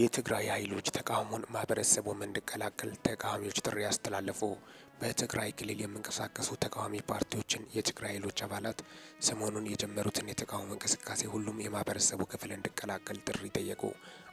የትግራይ ኃይሎች ተቃውሞን ማህበረሰቡም እንዲቀላቀል ተቃዋሚዎች ጥሪ አስተላለፉ። በትግራይ ክልል የሚንቀሳቀሱ ተቃዋሚ ፓርቲዎችን የትግራይ ኃይሎች አባላት ሰሞኑን የጀመሩትን የተቃውሞ እንቅስቃሴ ሁሉም የማህበረሰቡ ክፍል እንዲቀላቀል ጥሪ ጠየቁ።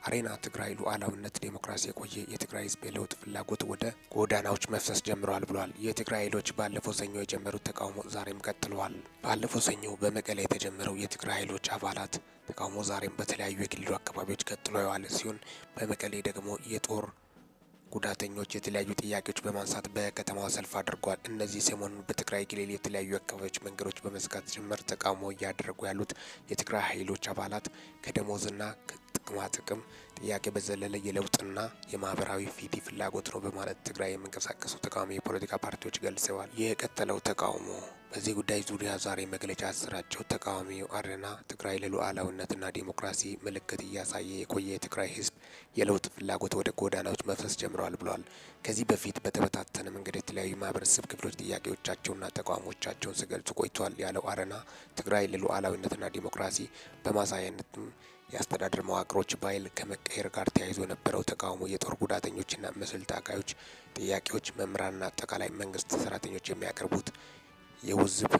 አሬና ትግራይ ሉዓላዊነት፣ ዴሞክራሲ፣ የቆየ የትግራይ ህዝብ የለውጥ ፍላጎት ወደ ጎዳናዎች መፍሰስ ጀምረዋል ብሏል። የትግራይ ኃይሎች ባለፈው ሰኞ የጀመሩት ተቃውሞ ዛሬም ቀጥለዋል። ባለፈው ሰኞ በመቀሌ የተጀመረው የትግራይ ኃይሎች አባላት ተቃውሞ ዛሬም በተለያዩ የክልሉ አካባቢዎች ቀጥሎ የዋለ ሲሆን በመቀሌ ደግሞ የጦር ጉዳተኞች የተለያዩ ጥያቄዎች በማንሳት በከተማዋ ሰልፍ አድርጓል። እነዚህ ሰሞኑን በትግራይ ክልል የተለያዩ አካባቢዎች መንገዶች በመዝጋት ጭምር ተቃውሞ እያደረጉ ያሉት የትግራይ ኃይሎች አባላት ከደሞዝና ጥቅማ ጥቅም ጥያቄ በዘለለ የለውጥና የማህበራዊ ፊቲ ፍላጎት ነው በማለት ትግራይ የሚንቀሳቀሱ ተቃዋሚ የፖለቲካ ፓርቲዎች ገልጸዋል። የቀጠለው ተቃውሞ በዚህ ጉዳይ ዙሪያ ዛሬ መግለጫ አሰራጨው ተቃዋሚው አረና ትግራይ ለሉዓላዊነትና ዲሞክራሲ ምልክት እያሳየ የቆየ የትግራይ ህዝብ የለውጥ ፍላጎት ወደ ጎዳናዎች መፍሰስ ጀምረዋል ብሏል። ከዚህ በፊት በተበታተነ መንገድ የተለያዩ ማህበረሰብ ክፍሎች ጥያቄዎቻቸውና ተቃውሞቻቸውን ሲገልጹ ቆይተዋል ያለው አረና ትግራይ ለሉዓላዊነትና ዲሞክራሲ በማሳያነትም የአስተዳደር መዋቅሮች በኃይል ከመቀየር ጋር ተያይዞ የነበረው ተቃውሞ የጦር ጉዳተኞችና መሰል ታጋዮች ጥያቄዎች መምህራንና አጠቃላይ መንግስት ሰራተኞች የሚያቀርቡት የውዝብ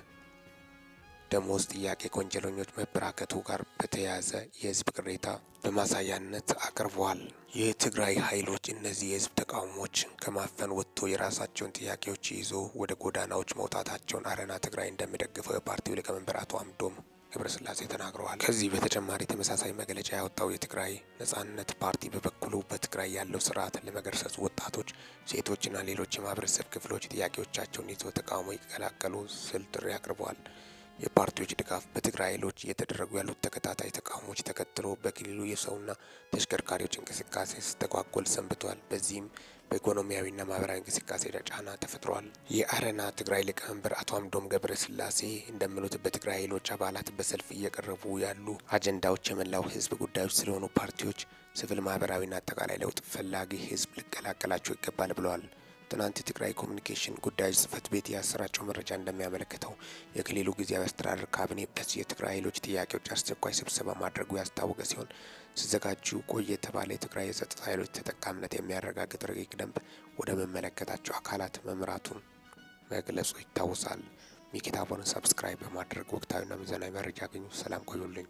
ደሞዝ ጥያቄ ከወንጀለኞች መበራከቱ ጋር በተያያዘ የህዝብ ቅሬታ በማሳያነት አቅርበዋል። የትግራይ ኃይሎች እነዚህ የህዝብ ተቃውሞዎች ከማፈን ወጥቶ የራሳቸውን ጥያቄዎች ይዞ ወደ ጎዳናዎች መውጣታቸውን አረና ትግራይ እንደሚደግፈው የፓርቲው ሊቀመንበር አቶ አምዶም ገብረስላሴ ተናግረዋል። ከዚህ በተጨማሪ ተመሳሳይ መግለጫ ያወጣው የትግራይ ነጻነት ፓርቲ በበኩሉ በትግራይ ያለው ስርዓት ለመገርሰጽ ወጣቶች፣ ሴቶችና ሌሎች የማህበረሰብ ክፍሎች ጥያቄዎቻቸውን ይዘው ተቃውሞ ይቀላቀሉ ስል ጥሪ አቅርበዋል። የፓርቲዎች ድጋፍ በትግራይ ኃይሎች እየተደረጉ ያሉት ተከታታይ ተቃውሞዎች ተከትሎ በክልሉ የሰውና ተሽከርካሪዎች እንቅስቃሴ ስተጓጎል ሰንብቷል። በዚህም በኢኮኖሚያዊና ማህበራዊ እንቅስቃሴ ጫና ተፈጥሯል። የአረና ትግራይ ሊቀመንበር አቶ አምዶም ገብረ ስላሴ እንደሚሉት በትግራይ ኃይሎች አባላት በሰልፍ እየቀረቡ ያሉ አጀንዳዎች የመላው ህዝብ ጉዳዮች ስለሆኑ ፓርቲዎች፣ ሲቪል ማህበራዊና አጠቃላይ ለውጥ ፈላጊ ህዝብ ሊቀላቀላቸው ይገባል ብለዋል። ትናንት የትግራይ ኮሚኒኬሽን ጉዳዮች ጽህፈት ቤት ያሰራጨው መረጃ እንደሚያመለክተው የክልሉ ጊዜያዊ አስተዳደር ካቢኔ በዚህ የትግራይ ኃይሎች ጥያቄዎች አስቸኳይ ስብሰባ ማድረጉ ያስታወቀ ሲሆን ሲዘጋጁ ቆየ የተባለ የትግራይ የጸጥታ ኃይሎች ተጠቃሚነት የሚያረጋግጥ ረቂቅ ደንብ ወደ መመለከታቸው አካላት መምራቱን መግለጹ ይታወሳል። ሚኪታቦርን ሰብስክራይብ በማድረግ ወቅታዊና ሚዛናዊ መረጃ ያገኙ። ሰላም ቆዩልኝ።